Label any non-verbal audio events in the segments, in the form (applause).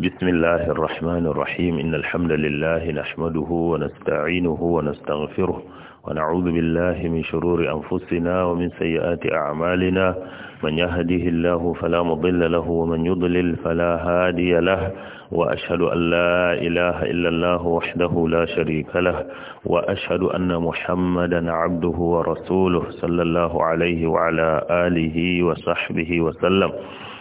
بسم الله الرحمن الرحيم إن الحمد لله نحمده ونستعينه ونستغفره ونعوذ بالله من شرور أنفسنا ومن سيئات أعمالنا من يهده الله فلا مضل له ومن يضلل فلا هادي له وأشهد أن لا إله إلا الله وحده لا شريك له وأشهد أن محمدا عبده ورسوله صلى الله عليه وعلى آله وصحبه وسلم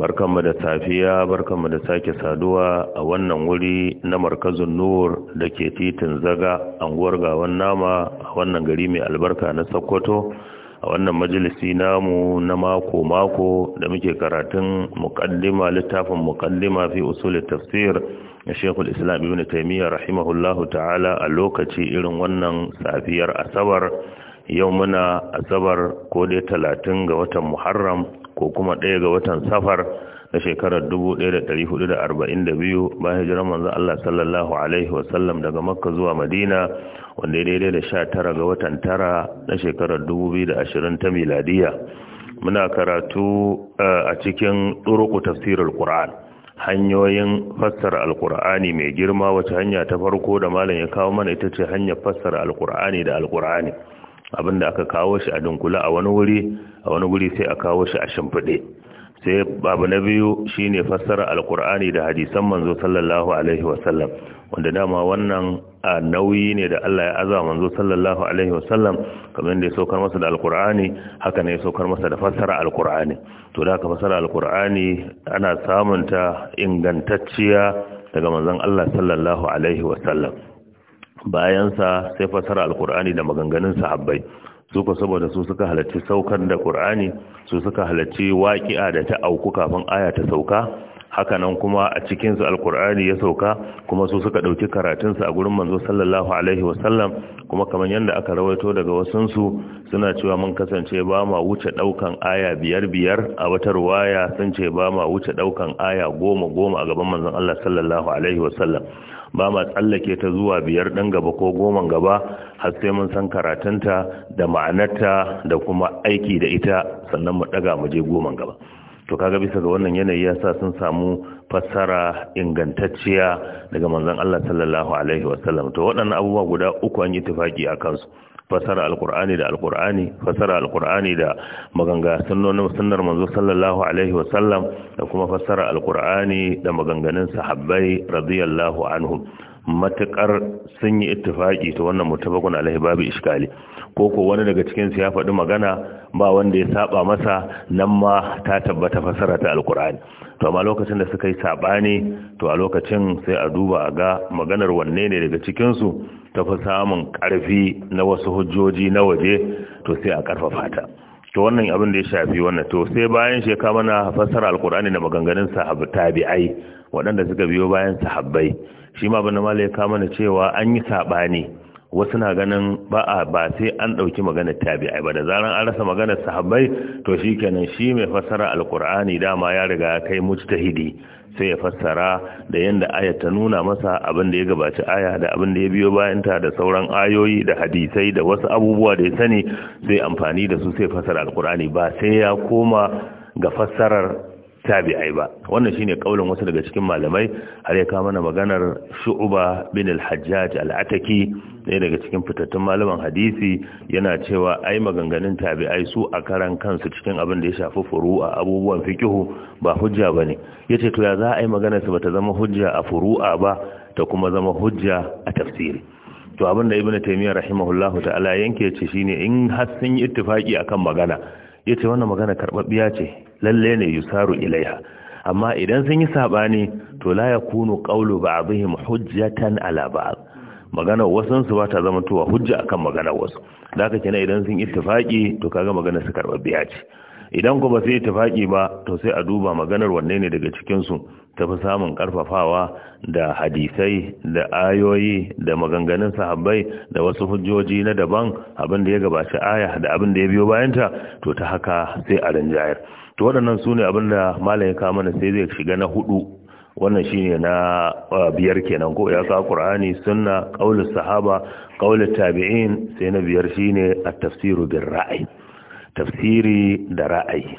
barkanmu da safiya barkanmu da sake saduwa a wannan wuri na markazin nur da ke titin zaga anguwar gawan nama a wannan gari mai albarka na sokoto a wannan majalisi namu na mako-mako da muke karatun mukaddima littafin mukaddima fi usulun tafsir na shekul islam ibn taimiyya rahimahullahu ta'ala a lokaci irin wannan safiyar asabar yau muna asabar ko dai talatin ga watan muharram ko kuma ɗaya ga watan safar na shekarar 1442 bayan hijirar manzon Allah sallallahu alaihi wasallam daga Makka zuwa Madina wanda ya daidai da sha tara ga watan tara na shekarar ashirin ta miladiya muna karatu eh, a cikin ɗuruku tafsirar Qur'an hanyoyin fassara alƙur'ani mai girma wace hanya ta farko da malam ya kawo mana ita ce hanyar fassara alkur'ani da alkur'ani Abin da aka kawo shi a dunkula a wani wuri a wani wuri sai a kawo shi a shimfiɗe sai babu na biyu shine fassara alkur'ani da hadisan manzo sallallahu alaihi wasallam wanda dama wannan a nauyi ne da Allah ya azama manzo sallallahu alaihi wasallam kamar da ya saukar masa da alkur'ani haka ne ya saukar masa da fassara alkur'ani to da ka fassara alkur'ani ana samunta ingantacciya daga manzon Allah sallallahu alaihi wasallam bayansa sai fasara alkur'ani da maganganun sahabbai su ko saboda su suka halarci saukar da qur'ani su suka halarci waqi'a da ta auku kafin aya ta sauka Haka nan kuma a cikin su alqur'ani ya sauka kuma su suka dauki karatun sa a gurin manzo sallallahu alaihi wasallam kuma kaman yanda aka rawaito daga wasan su suna cewa mun kasance ba ma wuce daukan aya biyar biyar a wata ruwaya sun ce ba ma wuce daukan aya goma goma a gaban manzon Allah sallallahu alaihi wasallam ba ma tsallake ta zuwa biyar ɗan gaba ko goma gaba har sai mun san karatunta da ma'anarta da kuma aiki da ita sannan mu ɗaga mu je goma gaba to kaga bisa ga wannan yanayi ya sa sun samu fassara ingantacciya daga manzon Allah sallallahu alaihi wasallam to waɗannan abubuwa guda uku an yi tufaki a kansu fasara alkur'ani da alkur'ani fasara alkur'ani da maganga sunnonin sunnar manzo sallallahu alaihi sallam da kuma fasara alkur'ani da maganganun sahabbai radiyallahu anhum matukar sun yi ittifaki ta wannan mutabakun alaihi babu iskali ko ko wani daga cikin su ya faɗi magana ba wanda ya saba masa nan ma ta tabbata fasara ta alkur'ani to amma lokacin da suka yi sabani to a lokacin sai a duba a ga maganar wanne ne daga cikin su ta fi samun ƙarfi na wasu hujjoji na waje to sai a ƙarfafa ta to wannan abin da ya shafi wannan to sai bayan shekara mana fasara alkur'ani da maganganun sahabbai tabi'ai waɗanda suka biyo bayan sahabbai shi ma abin da ya kama mana cewa an yi saɓani wasu na ganin ba a ba sai an ɗauki maganar tabi'ai ba da zaran an rasa maganar sahabbai to shi kenan shi mai fassara alkur'ani dama ya riga ya kai mujtahidi sai ya fassara da yanda aya ta nuna masa abin da ya gabaci aya da abin da ya biyo bayanta da sauran ayoyi da hadisai da wasu abubuwa da ya sani zai amfani da su sai fassara alkur'ani ba sai ya koma ga fassarar tabi'ai ba wannan shine kaulin wasu daga cikin malamai har ya kawo mana maganar Shu'ba bin al-Hajjaj al-Ataki ɗaya daga cikin fitattun malaman hadisi yana cewa ai maganganun tabi'ai su a karan kansu cikin abin da ya shafi furu'a abubuwan fiqhu ba hujja bane yace to ya za a yi maganar su bata zama hujja a furu'a ba ta kuma zama hujja a tafsiri to abin da Ibn Taymiyyah rahimahullahu ta'ala yanke ce shine in har sun yi ittifaki akan magana ya ce wannan magana karɓaɓɓiya ce lalle ne yusaru ilaiha amma idan sun yi saɓani to la ya kunu ƙaulu ba hujjatan ala maganar magana wasansu ba ta zama towa hujja akan magana wasu da haka kenan idan sun ittifaqi to kaga magana su karɓaɓɓiya ce idan kuma sai ittifaqi ba to sai a duba maganar wanne ne daga cikin su ta samun karfafawa da hadisai da ayoyi da maganganun sahabbai da wasu hujjoji na daban abin da ya gabaci aya da abin da ya biyo bayanta to ta haka sai a rinjayar to waɗannan su ne abin da malam ya kama mana sai zai shiga na hudu wannan shine na uh, biyar kenan ko ya ka qur'ani sunna qaulus sahaba ƙaunar tabi'in sai na biyar shine at-tafsiru bir tafsiri da ra'ayi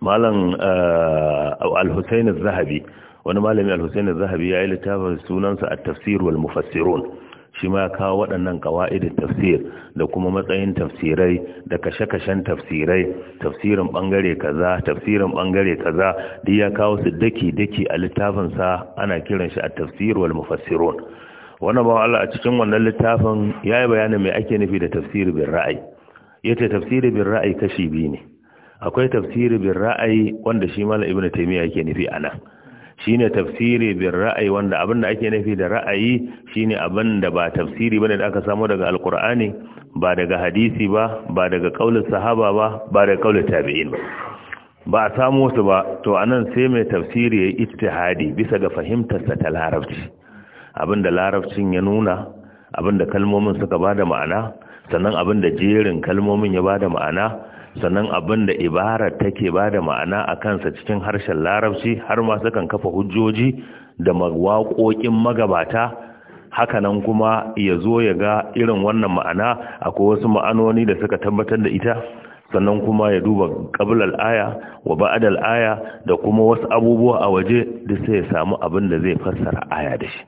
malam eh, al-husayn al zahabi wani malami al-husayn al zahabi ya yi littafin sunansa a tafsir wal mufassirun shi ma kawo waɗannan ƙawa'idin tafsir da kuma matsayin tafsirai da kashe-kashen tafsirai tafsirin ɓangare kaza tafsirin ɓangare kaza duk ya kawo su daki-daki a littafinsa ana kiran shi a tafsir wal mufassirun wannan ba Allah a cikin wannan littafin ya yi bayanin mai ake nufi da tafsir bin ra'ayi yace tafsir bin ra'ayi kashi biyu ne akwai tafsiri bin ra'ayi wanda shi mala ibn taymiya yake nufi anan shine tafsiri bin ra'ayi wanda abinda ake nufi da ra'ayi shine abinda ba tafsiri bane da aka samu daga alqur'ani ba daga hadisi ba ba daga kaulin sahaba ba ba daga kaulin tabi'in ba a samu su ba to anan sai mai tafsiri yayi ittihadi bisa ga fahimtar sa ta larabci abinda larabcin ya nuna abinda kalmomin suka bada ma'ana sannan abinda jerin kalmomin ya bada ma'ana sannan abin da ibara take ba da ma'ana a kansa cikin harshen larabci har ma sukan kafa hujjoji da waƙoƙin magabata hakanan kuma ya zo ya ga irin wannan ma'ana akwai wasu ma'anoni da suka tabbatar da ita sannan kuma ya duba ƙabilar aya wa ba'adal aya da kuma wasu abubuwa a waje duk sai ya samu abin da zai fassara aya da shi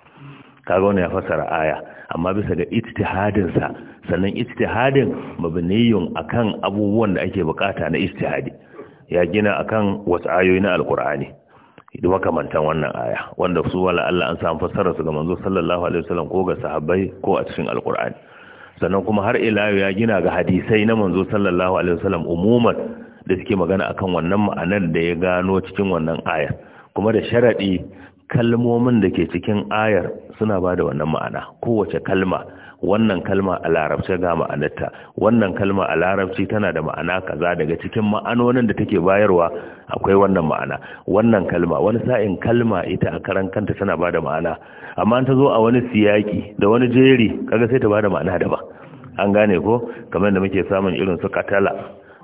kaga wani ya fassara aya amma bisa ga ijtihadinsa sannan ijtihadin mabniyun akan abubuwan da ake bukata na ijtihadi ya gina akan wasu ayoyi na alkur'ani idan makamantan wannan aya wanda su wala Allah an samu fassara su ga manzo sallallahu alaihi wasallam ko ga sahabbai ko a cikin alkur'ani sannan kuma har ila ya gina ga hadisai na manzo sallallahu alaihi wasallam umuman da suke magana akan wannan ma'anar da ya gano cikin wannan aya kuma da sharadi kalmomin da ke cikin ayar suna ba da wannan ma'ana kowace kalma wannan kalma a larabci ga ma'anarta wannan kalma a larabci tana da ma'ana kaza daga cikin ma'anonin da take bayarwa akwai wannan ma'ana wannan kalma wani sa'in kalma ita a karan kanta tana ba da ma'ana amma ta zo a wani siyaki da wani jeri kaga sai ta ba da ma'ana daban an gane ko kamar da muke samun irin su katala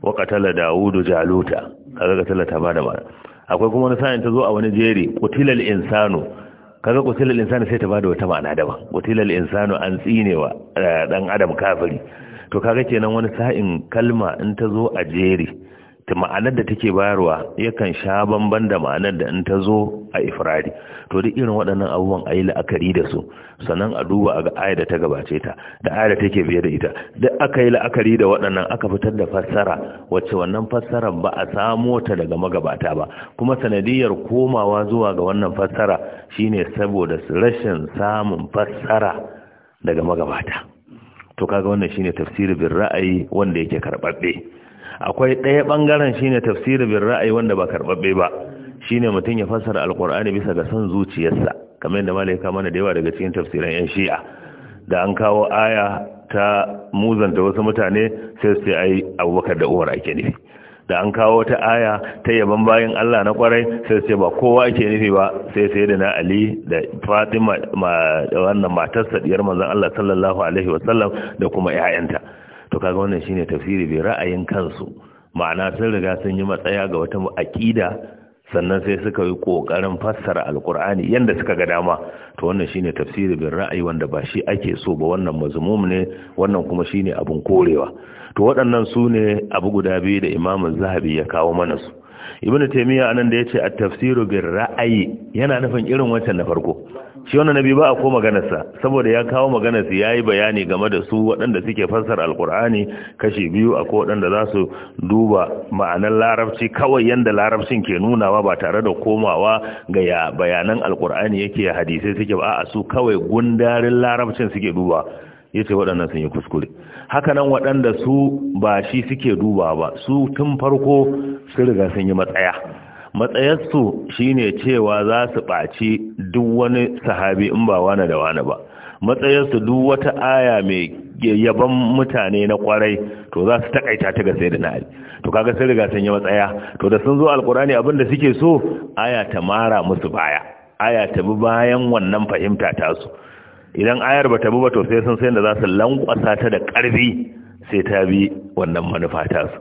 wa katala dawudu jaluta kaga katala ta ba da ma'ana akwai kuma wani sa'in ta zo a wani jeri kutilal insano kaga kutilal insano sai ta bada wata ma'ana daban kutilal insanu an tsinewa eh, dan adam kafiri to kaga kenan wani sa'in kalma in ta zo a jeri ma'anar da take bayarwa yakan sha bamban da ma'anar da in ta zo a Ifirari. to duk irin waɗannan abubuwan a yi la'akari da su sannan a duba a ga aya da ta gabace ta da aya da take biye da ita duk aka yi la'akari da waɗannan aka fitar da fassara wacce wannan fassarar ba a samo ta daga magabata ba kuma sanadiyar komawa zuwa ga wannan fassara shine saboda rashin samun fassara daga magabata to kaga wannan shine tafsirin bin ra'ayi wanda yake karɓaɓɓe akwai ɗaya ɓangaren shine tafsirin bin ra'ayi wanda ba karɓaɓɓe ba shine mutum ya fassara alkur'ani bisa ga son zuciyarsa kamar yadda malai mana da yawa daga cikin tafsirin yan shi'a da an kawo aya ta muzanta wasu mutane sai su ai abubakar da uwar ake nufi da an kawo ta aya ta yaban bayan Allah na kwarai sai ce ba kowa ake nufi ba sai sai da na Ali da Fatima da wannan matarsa diyar manzon Allah sallallahu alaihi wasallam da kuma 'ya'yanta to kaga wannan shine tafsiri bi ra'ayin kansu ma'ana sun riga sun yi matsaya ga wata aqida sannan sai suka yi kokarin fassara alqur'ani yanda suka ga dama to wannan shine tafsiri bi ra'ayi wanda ba shi ake so ba wannan mazmum ne wannan kuma shine abun korewa to waɗannan su ne abu guda biyu da Imam Zahabi ya kawo mana su Ibn Taymiyyah anan da yace at-tafsiru bir ra'ayi yana nufin irin wancan na farko shi wannan nabi ba a ko maganarsa saboda ya kawo maganarsa ya yi bayani game da su waɗanda suke fassara alkur'ani kashi biyu a ko waɗanda za su duba ma'anar larabci kawai yadda larabcin ke nunawa ba tare da komawa ga bayanan alkur'ani yake hadisai suke ba a su kawai gundarin larabcin suke duba ya ce sun yi kuskure hakanan waɗanda su ba shi suke duba ba su tun farko sun riga sun yi matsaya matsayarsu shine cewa za su ɓaci duk wani sahabi in ba wane da wane ba matsayarsu duk wata aya mai yaban mutane na kwarai to za su takaita ta ga da ali to kaga sai riga sun yi matsaya to da sun zo alkurani abinda suke so aya ta mara musu baya aya ta bi bayan wannan fahimta tasu idan ayar ba ta bi ba to sai sun sai da za su lankwasa ta da ƙarfi sai ta bi wannan manufa tasu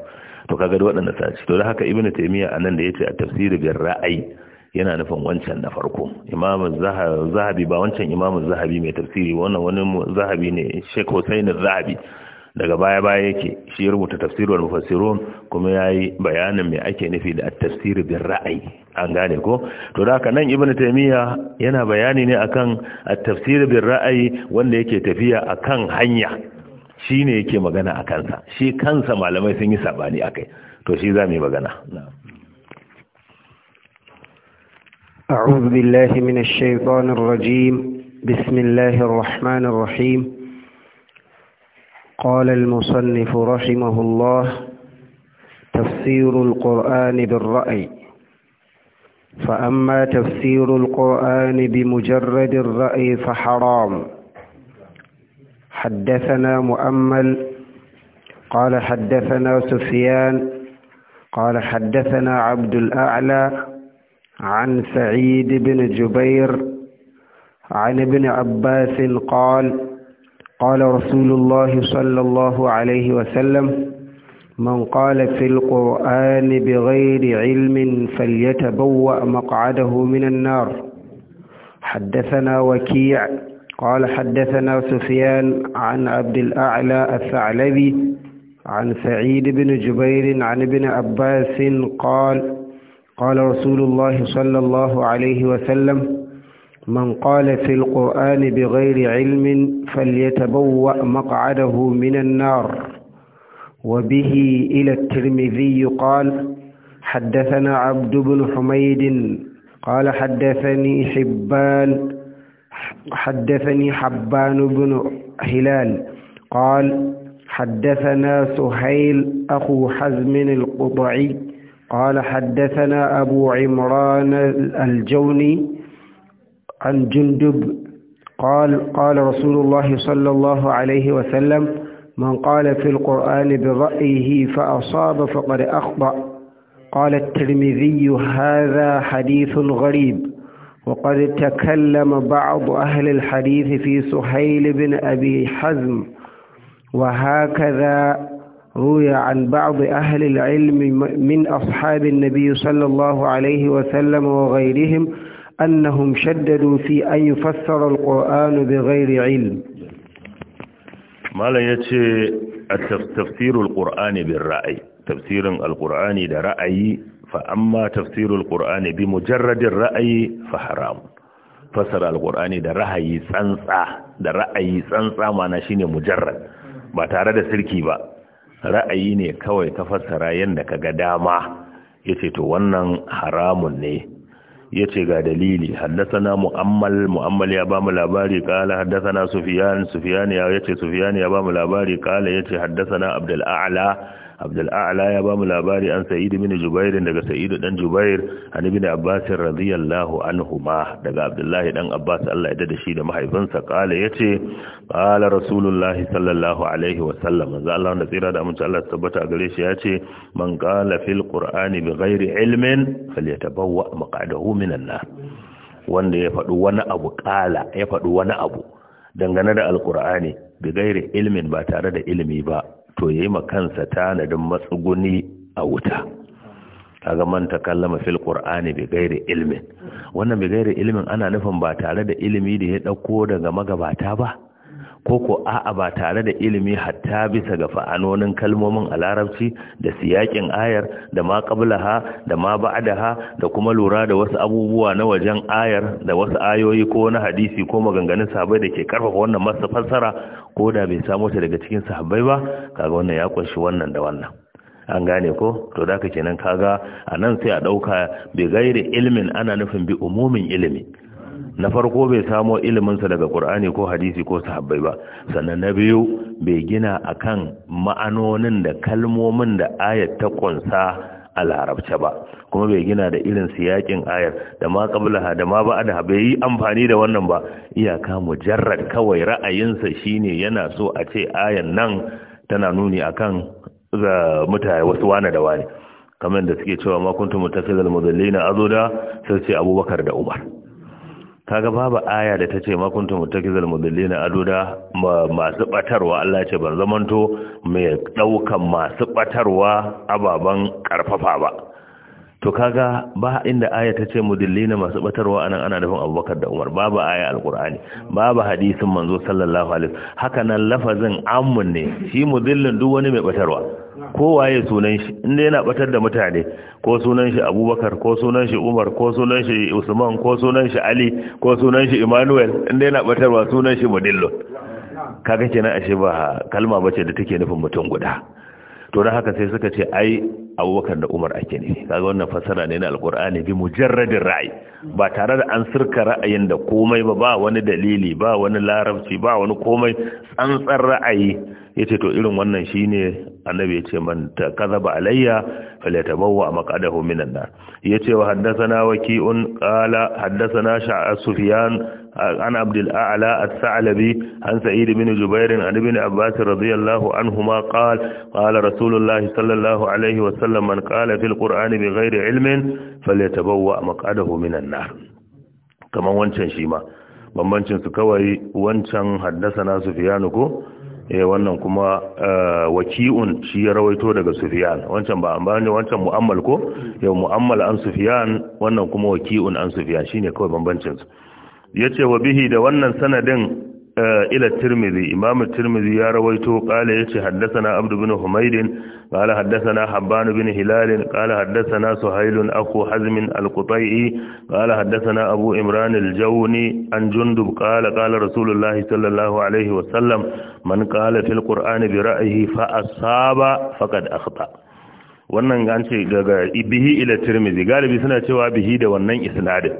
to kaga da waɗanda ta ci to da haka ibnu taymiya anan da yace a tafsirin bil ra'ayi yana nufin wancan na farko imam zahabi ba wancan imam zahabi mai tafsiri wannan wani zahabi ne sheikh husain zahabi daga baya baya yake shi ya rubuta tafsirul mufassirun kuma yayi bayanin me ake nufi da at-tafsir bil ra'ayi an gane ko to da haka nan ibnu taymiya yana bayani ne akan at-tafsir bil ra'ayi wanda yake tafiya akan hanya shi ne yake magana a kansa shi kansa malamai sun yi sabani a kai to shi za mu magana أعوذ بالله من الشيطان الرجيم بسم الله الرحمن الرحيم قال المصنف رحمه الله تفسير القرآن بالرأي فأما تفسير القرآن بمجرد الرأي فحرام حدثنا مؤمل قال حدثنا سفيان قال حدثنا عبد الأعلى عن سعيد بن جبير عن ابن عباس قال قال رسول الله صلى الله عليه وسلم من قال في القرآن بغير علم فليتبوأ مقعده من النار حدثنا وكيع قال حدثنا سفيان عن عبد الأعلى الثعلبي عن سعيد بن جبير عن ابن عباس قال قال رسول الله صلى الله عليه وسلم من قال في القرآن بغير علم فليتبوأ مقعده من النار وبه إلى الترمذي قال حدثنا عبد بن حميد قال حدثني حبان حدثني حبان بن هلال قال حدثنا سهيل أخو حزم القطعي قال حدثنا أبو عمران الجوني عن جندب قال قال رسول الله صلى الله عليه وسلم من قال في القرآن برأيه فأصاب فقد أخطأ قال الترمذي هذا حديث غريب وقد تكلم بعض أهل الحديث في سهيل بن أبي حزم وهكذا روي عن بعض أهل العلم من أصحاب النبي صلى الله عليه وسلم وغيرهم أنهم شددوا في أن يفسر القرآن بغير علم ما لا يتي تفسير القرآن بالرأي تفسير القرآن برأي Fa amma Al-Qur'ani فأما تفسير القرآن بمجرد الرأي فحرام فسر القرآن ده رأي سنسا ده رأي سنسا معنى شيني مجرد ba tare da sirki ba ra'ayi ne kawai ka fassara yadda ka ga dama yace to wannan haramun ne yace ga dalili haddasana mu'ammal mu'ammal ya ba mu labari kala haddasana sufyan sufyan ya yace sufyan ya ba mu labari kala yace haddasana abdul a'la abdul a'la ya mu labari an Sa'idu bin jubair daga Sa'idu dan jubair an ibn abbas radiyallahu anhuma daga abdullahi dan abbas Allah ya dade shi da mahaifinsa kale yace qala rasulullahi sallallahu alaihi wa sallam manzo Allah da tsira da amince Allah tabbata gare shi yace man qala fil qur'ani bighairi ilmin falyatabawwa maq'adahu minan nar wanda ya faɗi wani abu ƙala ya faɗi wani abu dangane da alkur'ani da gairi ilmin ba tare da ilimi ba to yi ma kansa tanadin matsuguni a wuta kaga man takallama fil qur'ani bi ghairi ilmin wannan bi ghairi ilmin ana nufin ba tare da ilimi da ya dauko daga magabata ba ko ko a'a ba tare da ilimi hatta bisa ga fa'anonin kalmomin a larabci da siyakin ayar da ma da ma ba'adaha da kuma lura da wasu abubuwa na wajen ayar da wasu ayoyi ko na hadisi ko maganganun sahabbai da ke karfafa wannan masa fassara ko da bai samu ta daga cikin sahabbai ba kaga wannan ya kunshi wannan da wannan an gane ko to da ka kenan kaga a nan sai a ɗauka bi gairi ilimin ana nufin bi umumin ilimi na farko bai samo iliminsa daga ƙur'ani ko hadisi ko sahabbai ba sannan na biyu bai gina akan ma'anonin da kalmomin da ayat ta ƙunsa a larabce ba kuma bai gina da irin siyakin ayar da ma qablaha da ma ba'da bai yi amfani da wannan ba iyaka mujarrad kawai ra'ayinsa shine yana so a ce ayan nan tana nuni akan mutane wasu wane da wane kamar da suke cewa ma kuntum mutafizal mudallina azuda sai ce Abubakar da Umar kaga babu aya da ta ce makuntum mutakizal ado aduda masu batarwa Allah ya ce ban zamanto mai daukan masu batarwa ababan karfafa ba to kaga ba inda aya ta ce mudallina masu batarwa anan ana nufin Abubakar da Umar babu aya alqur'ani babu hadisin manzo sallallahu alaihi haka nan lafazin ammun ne shi mudallin duk wani mai batarwa kowaye sunan shi inda yana batar da mutane ko sunan shi abubakar ko sunan shi umar ko sunan shi usman ko sunan shi ali ko sunan shi emmanuel inda yana batarwa sunan shi modillo kaga kenan ashe ba kalma bace da take nufin mutum guda to don haka sai suka ce ai abubakar da umar ake ne kaga wannan fassara ne na alkur'ani bi mujarradin ra'ayi ba tare da an sirka ra'ayin da komai ba ba wani dalili ba wani larabci ba wani komai Tsantsan ra'ayi yace to irin wannan shine annabi ce man ta kadhaba alayya a maq'adahu minan nar yace wa haddathana waki'un qala haddathana sha'a sufyan an abdul a'la as-sa'labi an sa'id ibn jubair an ibn abbas radiyallahu anhuma qala qala rasulullah sallallahu alayhi wa sallam man qala fil qur'an bighairi ilmin falyatabawwa maq'adahu minan nar kaman wancan shi ma bambancin su kawai wancan haddasa na sufyanu ko Eh, wannan kuma eh, waki'un shi ya rawaito daga sufiyan wancan ba ambani wancan mu'ammal ko yau mu'ammal an sufiyan wannan kuma waki'un an sufiyan shine kawai bambancin su yace wa bihi da wannan sanadin ila tirmidhi imam tirmidhi ya rawaito qala yace haddathana abd ibn humayd qala haddathana habban ibn hilal qala haddathana suhayl akhu hazm al-qutai'i qala haddathana abu imran al an jundub qala qala sallallahu alayhi wa sallam man qala fil qur'ani bi ra'yihi fa wannan an ce daga bihi ila tirmidhi galibi suna cewa bihi da wannan isnadin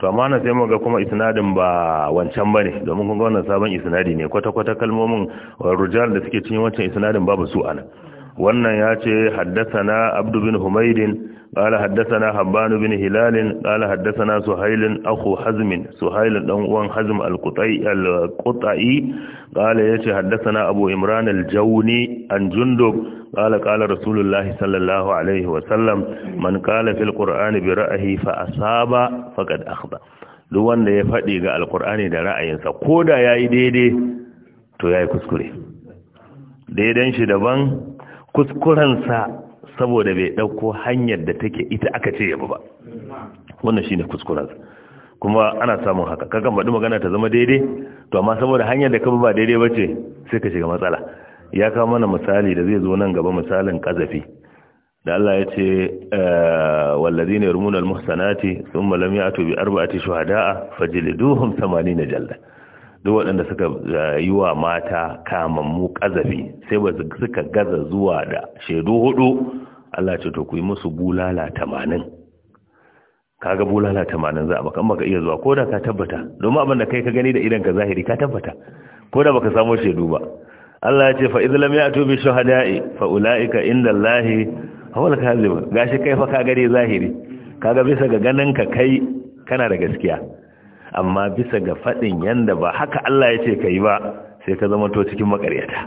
to amma na sai muga kuma isnadin ba wancan bane domin kun ga wannan sabon isnadi ne kwata-kwata kalmomin eh, rujal da suke cikin wancan isnadin babu su anan wannan ya ce haddasana abdu bin humaidin ƙala haddasana habbanu bin hilalin ƙala haddasana suhailin aku hazmin suhailin ɗan uwan hazm al-kuta'i ƙala ya ce haddasana abu imran al-jauni an jundub ƙala ƙala rasulullahi sallallahu alaihi wasallam man ƙala fil ƙur'ani bi ra'ahi fa asaba faqad akhda duk wanda ya faɗi ga alƙur'ani da ra'ayinsa ko da ya yi daidai to ya yi kuskure daidan shi daban kuskurensa saboda bai ɗauko hanyar da take ita aka ce yaba ba wannan shine kuskurensa kuma ana samun haka kakan baɗi magana ta zama daidai to amma saboda hanyar da ka ba daidai ba ce, sai ka shiga matsala ya kawo mana misali da zai zo nan gaba misalin kazafi da Allah ya ce eh, wallazina yarmuna almuhsanati thumma lam ya'tu bi arba'ati shuhada'a fajliduhum na jalda duk waɗanda suka eh, yi wa mata kamammu ƙazafi sai ba suka gaza zuwa da shaidu hudu Allah ce to ku yi musu bulala tamanin kaga bulala tamanin za a baka maka iya zuwa ko da ka tabbata domin abin da kai ka gani da idan ka zahiri ka tabbata ko da baka samu shaidu ba Allah ya ce fa idza lam ya'tu bi shuhada'i fa ulaika inda Allah hawal kazib gashi kai fa ka gani zahiri kaga bisa ga ganin ka kai kana da gaskiya amma bisa ga faɗin yanda ba haka Allah ya ce ka yi ba sai ka zama to cikin makaryata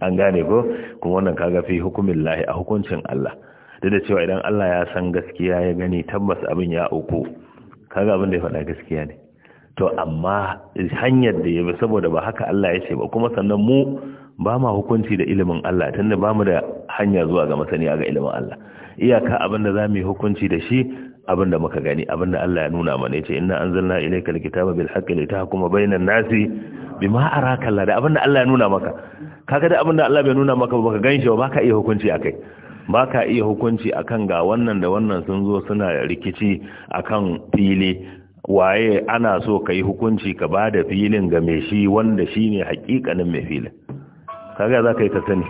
an gane ko kuma wannan kaga fi hukumin lahi a hukuncin Allah duk da cewa idan Allah ya san gaskiya ya gani tabbas abin ya uku kaga abin da ya faɗa gaskiya ne to amma hanyar da ya bi saboda ba haka Allah ya ce ba kuma sannan mu ba ma hukunci da ilimin Allah tunda ba mu da hanya zuwa ga masaniya ga ilimin Allah iyaka abin da za yi hukunci da shi Abin da muka gani abin da Allah ya nuna mana yace inna anzalna ilaykal kitaba bil haqqi litahkuma bainan nasi bima araka Allah da da Allah ya nuna maka kaga da da Allah bai nuna maka baka ganshi ba baka iya hukunci akai baka iya hukunci akan ga wannan da wannan sun zo suna rikici akan fili waye ana so kai hukunci ka bada filin ga mai shi wanda shine hakikanin mai filin kaga zaka yi ka sani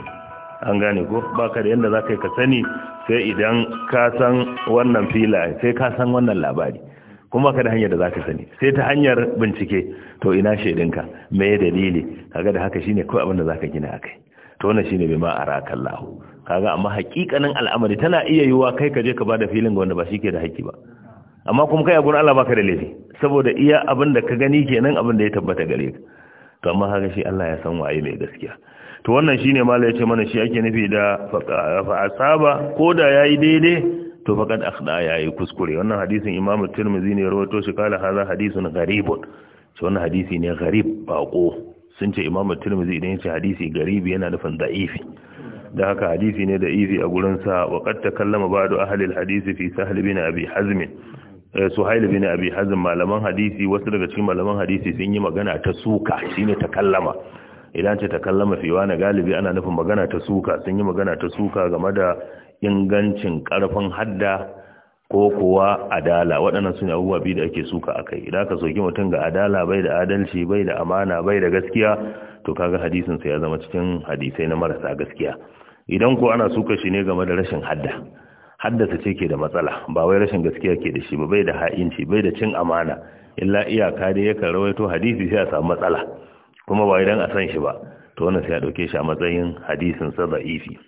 an gane ko baka da yanda za ka yi ka sani sai idan ka san wannan filaye sai ka san wannan labari kuma ka da hanyar da za ka sani sai ta hanyar bincike to ina shaidinka me dalili kaga da haka shine kawai abin da za ka gina a kai to wannan shine bai ma araka kaga amma hakikanin al'amari tana iya yiwa kai ka je ka ba da filin ga wanda ba ke da haƙi ba amma kuma kai a gurin Allah baka da laifi saboda iya abin da ka gani kenan abin da ya tabbata gare ka to amma kaga shi Allah ya san waye mai gaskiya to wannan shine mala yace mana shi ake nufi da fa asaba ya yayi daidai to faqad akhda yayi kuskure wannan hadisin imamu Tirmidhi ne rawato shi kala hadha hadisun gharibun to wannan hadisi ne gharib baƙo sun ce imamu Tirmidhi idan yace hadisi garibi yana nufin da'ifi da haka hadisi ne da'ifi a gurin sa wa kallama takallama do ahli hadisi fi sahl bin abi hazm eh, suhail bin abi hazm malaman hadisi wasu daga cikin malaman hadisi sun yi magana ta suka shine takallama idan ce ta kallama fiwa na galibi ana nufin magana ta suka sun yi magana ta suka game da ingancin karfin hadda ko kuwa adala waɗannan sun abubuwa biyu da ake suka akai idan ka soki mutum ga adala bai da adalci bai da amana bai da gaskiya to kaga hadisin sa ya zama cikin hadisai na marasa gaskiya idan ko ana suka shi ne game da rashin hadda haddasa ce ke da matsala ba wai rashin gaskiya ke da shi ba bai da ha'inci bai da cin amana illa iyaka dai yakan rawaito hadisi sai a samu matsala kuma ba idan a san shi ba to wannan sai a dauke shi a matsayin hadisin sa da'ifi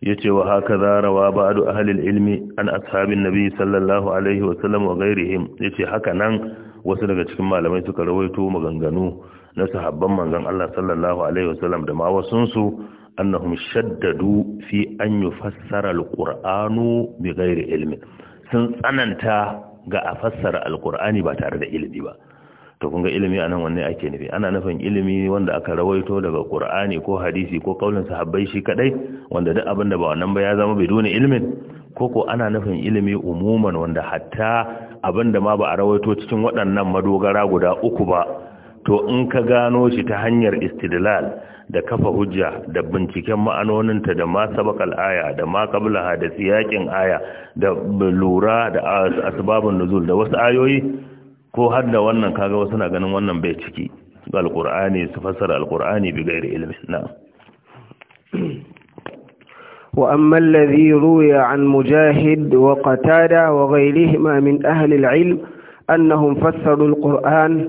yace wa haka zarawa ba'du ahli ilmi an ashabin nabi sallallahu alaihi wa sallam wa ghairihim yace haka nan wasu daga cikin malamai suka rawaito maganganu na sahabban manzon Allah sallallahu alaihi wa sallam da ma wasun su annahum shaddadu fi an yufassara alqur'anu bi ghairi ilmi sun tsananta ga a fassara alqur'ani ba tare da ilimi ba to kun ga ilimi anan wanne ake nufi ana nufin ilimi wanda aka rawaito daga Ƙur'ani ko hadisi ko kaulin sahabbai shi kadai wanda duk abin da ba wannan ba ya zama biduni ilmin koko ana nufin ilimi umuman wanda hatta abin da ma ba a rawaito cikin waɗannan madogara guda uku ba to in ka gano shi ta hanyar istidlal da kafa hujja da binciken ma'anoninta da ma sabakal aya da ma qablaha da siyakin aya da lura da asbabun nuzul da wasu ayoyi ko har da wannan kaga wasu na ganin wannan bai ciki alqur'ani su fassara alqur'ani bi gairi ilmi na'am وأما الذي روي عن مجاهد وقتادة وغيرهما من أهل العلم أنهم فسروا القرآن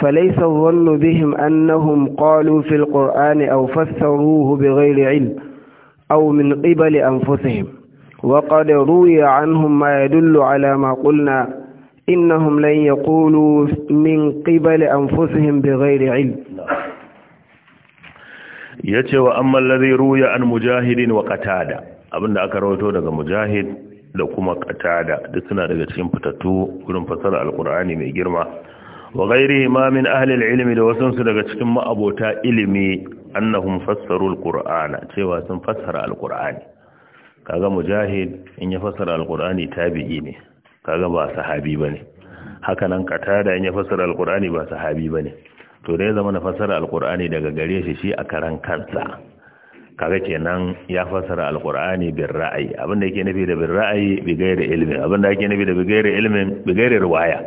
فليس الظن بهم أنهم قالوا في القرآن أو فسروه بغير علم أو من قبل أنفسهم وقد روي عنهم ما يدل على ما قلنا إنهم لن يقولوا من قبل أنفسهم بغير علم yace wa amma alladhi ruya an mujahidin wa qatada abinda aka rawaito daga mujahid da kuma qatada duk suna daga cikin fitattu gurin fasara alqur'ani mai girma wa ghairihi ma min ahli alilmi da wasansu daga cikin ma'abota ilimi annahum fassaru alqur'ana cewa sun fassara alqur'ani kaga mujahid in ya fassara alqur'ani tabi'i ne kaga ba sahabi bane haka nan in ya fasara alqur'ani ba sahabi bane to da ya zama na fasara alqur'ani daga gare shi shi a karan kansa kaga kenan ya fasara alqur'ani bin ra'ayi abinda yake nabi da bin ra'ayi bi gairi ilmi abinda yake nabi da bi gairi ilmin bi gairi riwaya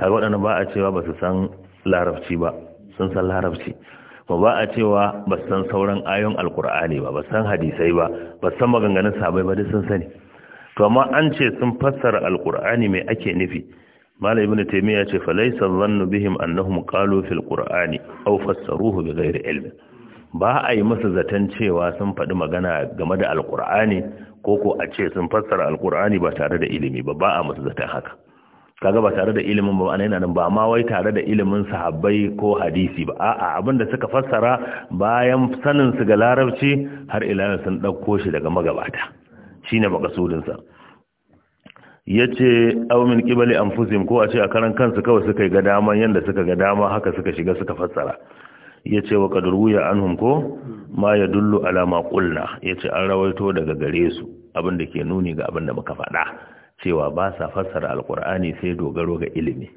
kaga wadannan ba a cewa ba su san larabci ba sun san larabci ba ba a cewa ba san sauran ayon alqur'ani ba ba san hadisai ba ba san maganganun sahabbai ba duk sun sani to amma an ce sun fassara alqur'ani mai ake nufi malam ibnu taymiya ce fa laysa dhannu bihim annahum qalu fil qur'ani aw fassaruhu bighairi ilm ba a yi masa zaton cewa sun faɗi magana game da alqur'ani ko ko a ce sun fassara alqur'ani ba tare da ilimi ba ba a masa zaton haka kaga ba tare da ilimin ba ana yana nan ba ma wai tare da ilimin sahabbai ko hadisi ba a'a abin da suka fassara bayan sanin su ga larabci har ila sun dauko shi daga magabata shine makasudin sa yace aw min qibali anfusihim ko a ce a karan kansu kawai suka ga dama yanda suka ga dama haka suka shiga suka fassara yace wa qad ya anhum ko ma ya dullu ala ma qulna yace an rawaito daga gare su abin da ke nuni ga abin da muka faɗa cewa ba sa fassara alqur'ani sai dogaro ga ilimi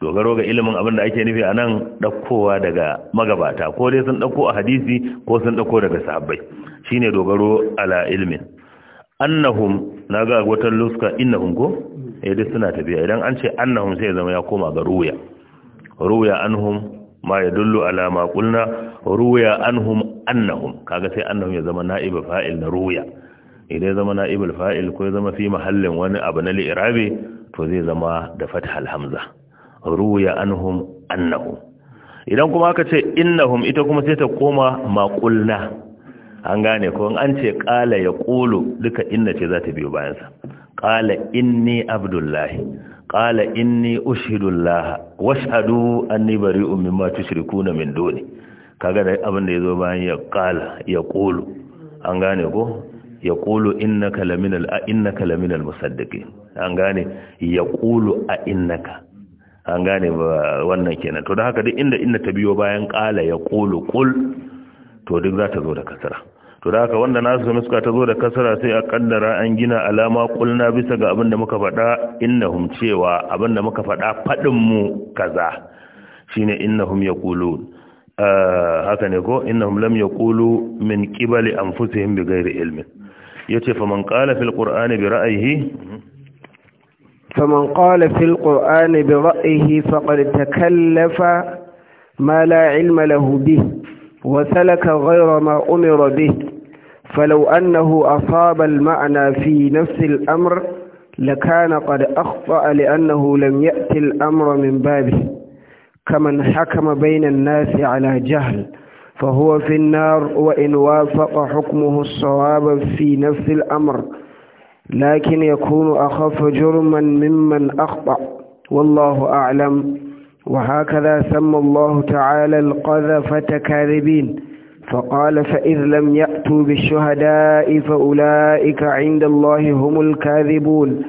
dogaro ga ilimin abin da ake nufi a nan ɗaukowa daga magabata ko dai sun ɗauko a hadisi ko sun ɗauko daga sahabbai shine dogaro ala ilimin annahum naga ga wata luska innahum ko eh duk suna tafiya idan an ce annahum sai zama ya koma ga ruya ruya anhum ma yadullu ala ma qulna ruya anhum annahum kaga sai annahum ya zama na'ib fa'il na ruya idan zama na'ib fa'il ko ya zama fi mahallin wani abu na li'irabi to zai zama da fathal hamza ruya anhum annahum idan kuma aka ce innahum ita kuma sai ta koma qulna an gane ko an ce ƙala ya ƙulu duka inna ce za ta biyo bayansa ƙala inni abdullahi ƙala inni ushidullaha washadu anni bari'u mimma tushrikuna min duni kaga da abin da yazo bayan ya ƙala ya ƙulu an gane ko ya ƙulu innaka laminal a innaka laminal musaddiqin an gane ya ƙulu a innaka an gane wannan kenan to da haka duk inda inna ta biyo bayan ƙala ya ƙulu ƙul to duk za ta zo da kasara to da haka wanda nasu nuska ta zo da kasara sai a kaddara an gina alama kulna bisa ga abin da muka faɗa innahum cewa abin da muka faɗa faɗin mu kaza shine innahum Kulu. Ah, haka ne ko innahum lam Kulu min kibali an qibali anfusihim bighairi ilmin yace faman qala fil qur'ani bi ra'ayi. ra'yihi فمن قال في bi ra'ayi فقد تكلف ما لا علم له به وسلك غير ما أمر به فلو أنه أصاب المعنى في نفس الأمر لكان قد أخطأ لأنه لم يأتي الأمر من بابه كمن حكم بين الناس على جهل فهو في النار وإن وافق حكمه الصواب في نفس الأمر لكن يكون أخف جرما ممن أخطأ والله أعلم وهكذا سمى الله تعالى القذفة كاذبين فقال فإذ لم يأتوا بالشهداء فأولئك عند الله هم الكاذبون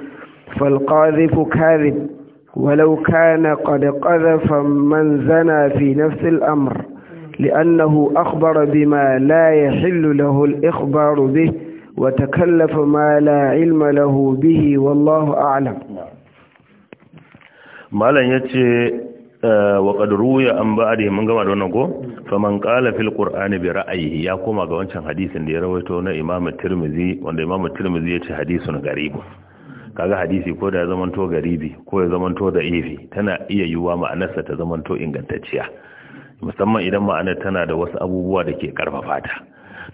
فالقاذف كاذب ولو كان قد قذف من زنى في نفس الأمر لأنه أخبر بما لا يحل له الإخبار به وتكلف ما لا علم له به والله أعلم نعم. مالا يتي wa ruya an da mun gama da wannan ko faman qala fil qur'ani bi ra'ayi ya koma ga wancan hadisin da ya rawaito na Imam tirmizi wanda Imam tirmizi ya ce hadisun garibu kaga hadisi ko da ya zamanto garibi ko ya zamanto da ifi tana iya yiwa ma'anarsa ta zamanto ingantacciya musamman idan ma'anar tana da wasu abubuwa da ke karfafa ta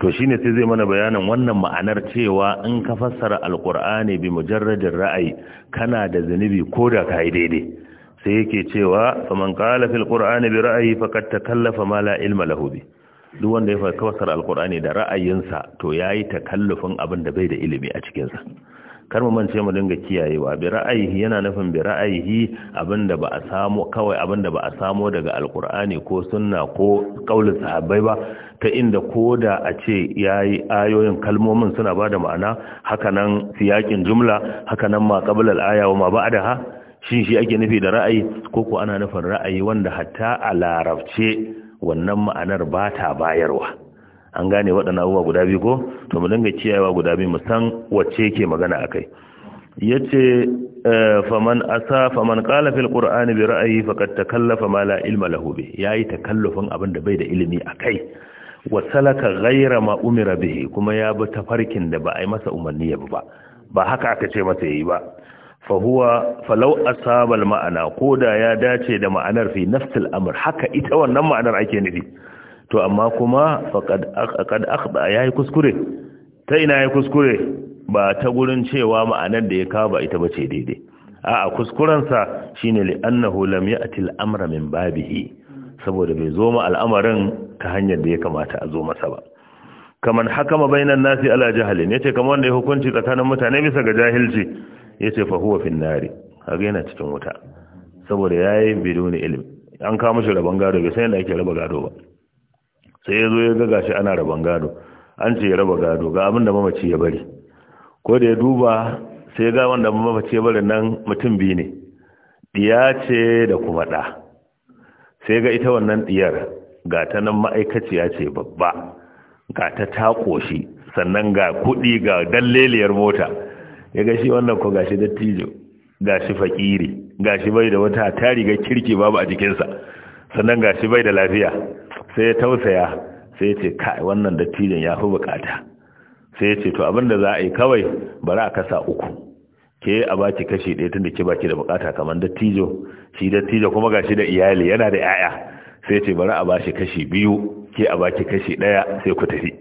to shine sai zai mana bayanin wannan ma'anar cewa in ka fassara alkur'ani bi mujarradin ra'ayi kana da zunubi ko da ka yi daidai sai yake cewa faman qala fil qur'ani bi ra'yi faqad takallafa ma la ilma lahu bi duk wanda ya fassara alqur'ani da ra'ayinsa to yayi takallufin abin da bai da ilimi a cikin sa kar mu mance mu dinga kiyayewa bi Ra'ayi yana nufin bi ra'ayihi abinda ba a samu kawai abinda ba a samu daga alqur'ani ko sunna ko kaulin sahabbai ba ta inda koda a ce yayi ayoyin kalmomin suna bada ma'ana hakanan siyakin jumla hakanan ma qabla al-aya wa ma ba'daha shin shi ake nufi da ra'ayi ko ko ana nufin ra'ayi wanda hatta a larabce wannan ma'anar ba ta bayarwa an gane waɗannan abubuwa guda biyu ko to mu dinga ciyawa guda biyu mu san wacce ke magana akai yace eh, faman asa faman qala fil qur'ani bi ra'ayi faqad takallafa ma la ilma lahu bi yayi takallufin abin da bai da ilimi akai wa salaka ghayra ma umira bihi kuma ya bi tafarkin da ba a yi masa umarni ya ba ba haka aka ce masa yayi ba fahuwa falau asabal ma'ana ko da ya dace da ma'anar fi nafsil amr haka ita wannan ma'anar ake nufi to amma kuma faqad aqad akhda yayi kuskure ta ina yayi kuskure ba ta gurin cewa ma'anar da ya kawo ba ita bace daidai a'a kuskuren sa shine li annahu lam ya'ti al min babihi saboda bai zo ma al'amarin ta hanyar da ya kamata a zo masa ba kaman hakama bainan nasi ala jahalin yace kamar wanda ya hukunci tsakanin mutane bisa ga jahilci ya ce fahuwa fin nari kaga yana cikin wuta saboda ya yi biduni ilim an kama shi rabon gado bai san yadda ake raba gado ba sai ya zo ya gaga shi ana rabon gado an ce ya raba gado ga abin da mamaci ya bari ko da ya duba sai ga wanda mamaci ya bari nan mutum biyu ne Ɗiya ce da kuma ɗa sai ga ita wannan ɗiyar, ga ta nan ma'aikaciya ce babba ga ta ta ƙoshi sannan ga kuɗi ga dalleliyar mota ya ga shi wannan ko gashi dattijo gashi fakiri gashi bai da wata ta riga kirki babu a jikinsa sannan gashi bai da lafiya sai ya tausaya sai ya ce kai wannan dattijon ya fi bukata sai ya ce to abinda za a yi kawai bari a kasa uku ke a baki kashi ɗaya tun da ke baki da bukata kamar dattijo shi dattijo kuma gashi da iyali yana da 'ya'ya sai ce bari a bashi kashi biyu ke a baki kashi ɗaya sai ku tafi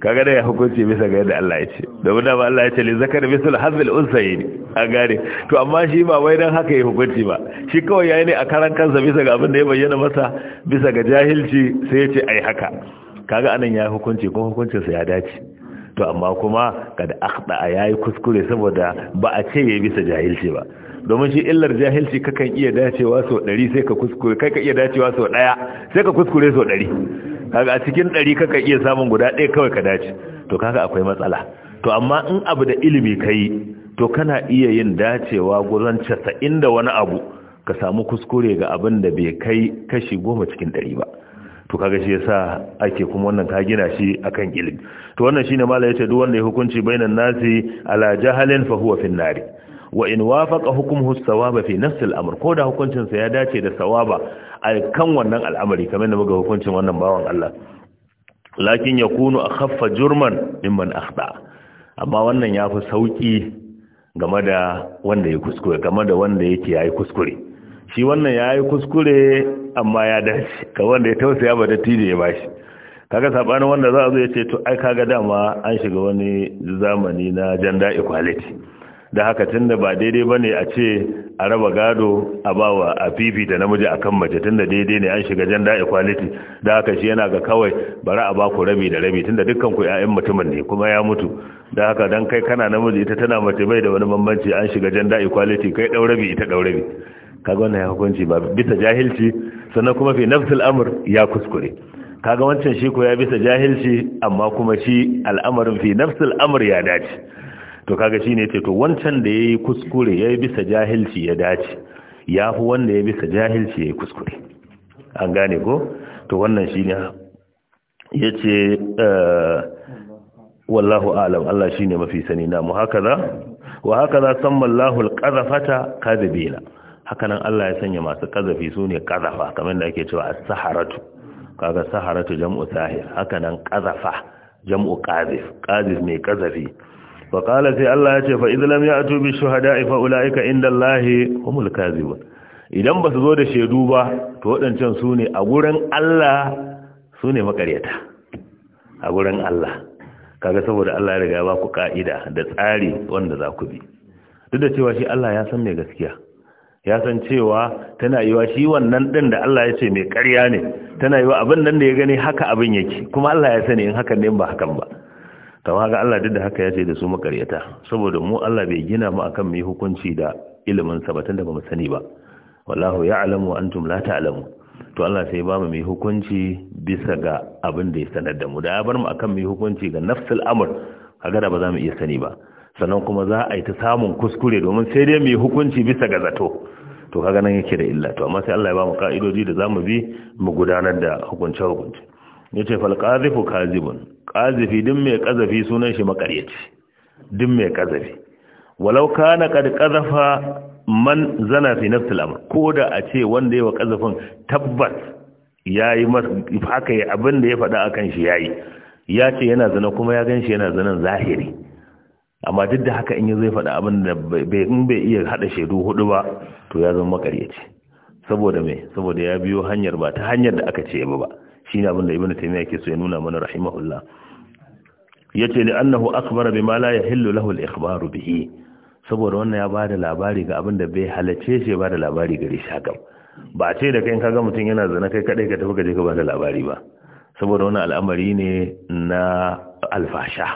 kaga da ya hukunci bisa ga yadda Allah ya ce domin da ba Allah ya ce li zakar misul hazil unsayni a gare to amma shi ba wai dan haka ya hukunci ba shi kawai yayi ne a karan kansa bisa ga abin da ya bayyana masa bisa ga jahilci sai ya ce ai haka kaga anan ya hukunci ko hukuncin sa ya dace to amma kuma kada akhda yayi kuskure saboda ba a ce yayi bisa jahilci ba domin shi illar jahilci kakan iya dacewa sau ɗari sai ka kuskure kai ka iya dacewa sau ɗaya sai ka kuskure sau ɗari kaga a cikin ɗari kaka iya samun guda ɗaya kawai ka dace to kaga akwai matsala to amma in abu da ilimi ka yi to kana iya yin dacewa gurin casa'in da wani abu ka samu kuskure ga abin da bai kai kashi goma cikin ɗari ba to kaga shi yasa ake kuma wannan ka gina shi akan ilimi to wannan shine mala yace duk wanda ya hukunci bainan nasi ala jahalin fa huwa fin nari wa in wafaqa hukmuhu sawaba fi nafsi al-amr ko da hukuncin sa ya dace da sawaba a kan wannan al'amari kamar da muka hukuncin wannan bawan Allah lakin ya kunu a haffa jurman mimman akhta amma wannan ya fi sauki game da wanda ya kuskure game da wanda yake yayi kuskure shi wannan yayi kuskure amma ya dace ka wanda ya tausaya ba da tije ya bashi kaga sabanin wanda za a zo ya ce to ai kaga dama an shiga wani zamani na gender equality da haka tun da ba daidai ba ne a ce a raba gado a bawa a fifi da namiji a kan mace tun da daidai ne an shiga janda equality da haka shi yana ga kawai bari a baku rabi da rabi da dukkan ku ya'yan mutumin ne kuma ya mutu da haka dan kai kana namiji ita tana mace bai da wani bambanci an shiga janda equality kai dau rabi ita dau rabi kaga wannan ya hukunci ba bisa jahilci sannan kuma fi nafsul amr ya kuskure kaga wancan shi ko ya bisa jahilci amma kuma shi al'amarin fi nafsul amr ya dace to kaga shine yace to wancan da yayi kuskure yayi bisa jahilci ya dace yafi wanda ya bisa jahilci yayi kuskure an gane ko to wannan shine yace eh, wallahu alam Allah shine mafi sani na mu hakaza wa hakaza samma Allahul qazafata kadhibina hakanan Allah ya sanya masu kazafi sune kazafa kamar da ake cewa as-saharatu kaga saharatu jam'u sahir hakanan kazafa jam'u qazif qazif mai kazafi faƙala sai Allah ya ce fa izlam ya atu bi shuhada'i ulaika inda Allahi humul ba idan ba su zo da shaidu ba to waɗancan su ne a wurin Allah su ne makaryata a wurin Allah kaga saboda Allah ya riga ba ku ka'ida da tsari wanda za ku bi duk da cewa shi Allah ya san mai gaskiya ya san cewa tana yiwa shi wannan din da Allah ya ce mai ƙarya ne tana yiwa abin nan da ya gani haka abin yake kuma Allah ya sani in hakan ne ba hakan ba kama ga Allah duk da haka ya ce da su makaryata saboda mu Allah bai gina mu akan mai hukunci da ilimin sabatan da bamu sani ba wallahu ya'lamu wa antum la ta'lamu to Allah sai ba mu mai hukunci bisa ga abin da ya sanar da mu da ya bar mu akan mai hukunci ga nafsul amr kaga da ba za mu iya sani ba sannan kuma za a yi ta samun kuskure domin sai dai mai hukunci bisa ga zato to kaga nan yake da illa to amma sai Allah ya ba mu ka'idodi da za mu bi mu gudanar da hukunce hukunci yace fal qadhifu kazibun ƙazafi din mai ƙazafi sunan shi makaryaci din mai ƙazafi walau kana kad ƙazafa man zana fi nafsi amr ko da a ce wanda yawa ƙazafin tabbas yayi haka ya abin da ya faɗa akan shi yayi ya ce yana zana kuma ya ganshi yana zinan zahiri amma duk da haka in ya zai faɗa abin da in bai iya haɗa shaidu hudu ba to ya zama makaryaci saboda me saboda ya biyo hanyar ba ta hanyar da aka ce ba ba shine abin da ibnu taymiya yake so ya nuna mana rahimahullah yace li annahu akbara bima la yahillu lahu al-ikhbaru bihi saboda wannan ya bada labari ga abin da bai halace shi ya bada labari gare shi haka ba ce da kai kaga mutum yana zana kai kadai ka tafi ka ka bada labari ba saboda wannan al'amari ne na alfasha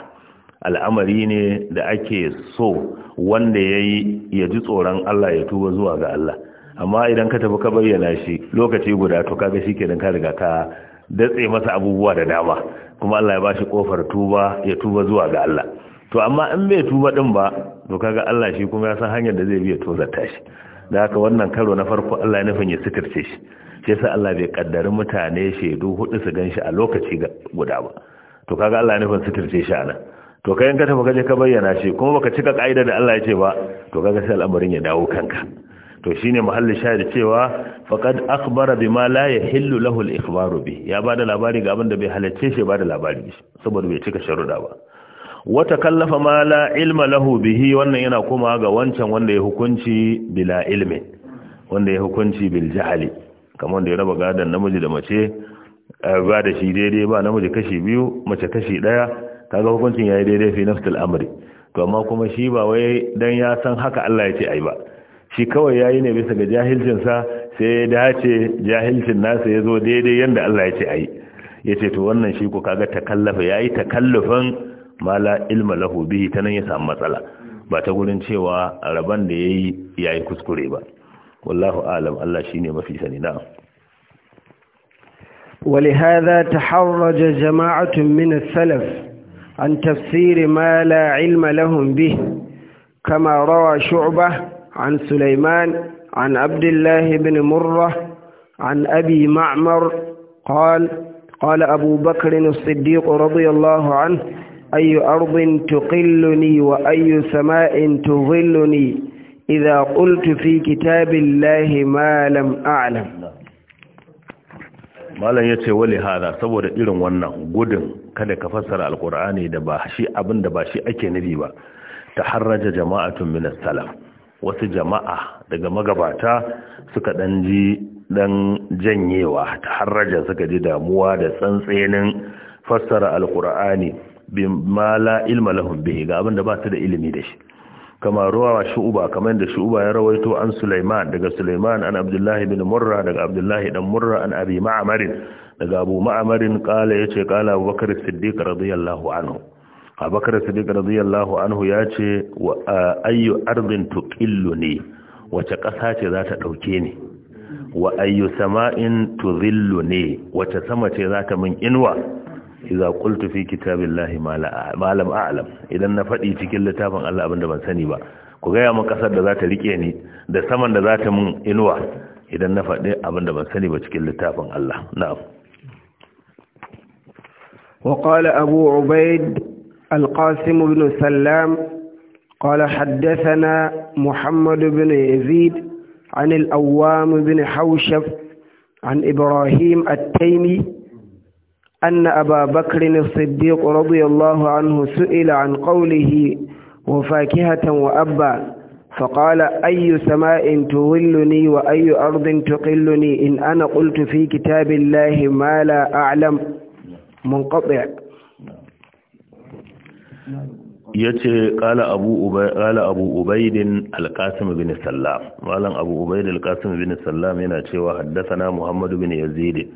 al'amari ne da ake so wanda yayi ya ji tsoron Allah ya tuba zuwa ga Allah amma idan ka tafi ka bayyana shi lokaci guda to kaga shikenan ka riga ka datse masa abubuwa da dama kuma Allah ya bashi kofar tuba ya tuba zuwa ga Allah to amma in bai tuba din ba to kaga Allah shi kuma ya san hanyar da zai bi ya tozarta shi da haka wannan karo na farko Allah ya nufin ya sitirce shi shi yasa Allah bai kaddari mutane shaidu hudu su ganshi a lokaci guda ba to kaga Allah ya nufin sitirce shi anan to kai in ka tafi je ka bayyana shi kuma baka cika ka'ida da Allah ya ce ba to kaga sai al'amarin ya dawo kanka to shine mahalli shahid cewa faqad akhbara bima la yahillu lahu al-ikhbaru bi ya bada labari ga abinda da bai halacce shi bada labari saboda bai cika sharuda ba wata kallafa ma la ilma lahu bihi wannan yana kuma ga wancan wanda ya hukunci bila ilmi wanda ya hukunci bil jahali kamar da ya raba gadan namiji da mace ba da shi daidai ba namiji kashi biyu mace kashi daya kaga hukuncin yayi daidai fi nafsil amri to amma kuma shi ba wai dan ya san haka Allah ya ce ai ba shi kawai ya yi ne bisa ga jahilcinsa sai ya dace jahilcin nasa ya zo daidai yadda Allah ya ce a yi. ya ce to wannan shi ku kaga takallafa yi takallufin mala ilma lahu bihi ta nan ya samu matsala ba ta gurin cewa rabon da ya yi kuskure ba wallahu alam Allah shi ne mafi sani na ولهذا تحرج جماعة من السلف عن تفسير ما لا علم لهم به كما روى شعبه عن سليمان عن عبد الله بن مرة عن أبي معمر قال قال أبو بكر الصديق رضي الله عنه أي أرض تقلني وأي سماء تظلني إذا قلت في كتاب الله ما لم أعلم malam ya ce wali hada saboda irin wannan gudun kada ka fassara Alƙur'ani da ba shi abin ba shi ake nufi ba ta harraja jama'atun minas wasu jama'a daga magabata suka ɗan ji ɗan janyewa ta harraja suka ji damuwa da tsantsenin fassara alkur'ani bima la ilma lahum bihi ga abinda ba su da ilimi da shi kama ruwa shu'uba kamar da shu'uba ya rawaito an Sulaiman daga Sulaiman an Abdullah bin Murra daga Abdullahi dan Murra an Abi ma'amarin daga Abu Ma'amarin qala yace qala abubakar Bakr siddiq radiyallahu anhu abakar sadiq radiyallahu anhu ya ce wa ayyu ardin tuqillu ne wace kasa ce za ta ɗauke ni wa ayyu sama'in tuzillu ne wace sama ce za ta min inuwa idza qultu fi kitabillahi ma la a'lam idan na faɗi cikin littafin Allah abinda ban sani ba ku gaya mun kasar da za ta rike ni da saman da za ta mun inuwa idan na faɗi abinda ban sani ba cikin littafin Allah na'am وقال أبو عبيد القاسم بن سلام قال حدثنا محمد بن يزيد عن الأوام بن حوشف عن إبراهيم التيمي أن أبا بكر الصديق رضي الله عنه سئل عن قوله وفاكهة وأبا فقال أي سماء تولني وأي أرض تقلني إن أنا قلت في كتاب الله ما لا أعلم منقطع ya ce ƙala abu ubaidin alkasim bin sallam malam abu ubaidin alkasim bin sallam yana cewa haddasa muhammadu bin yazidi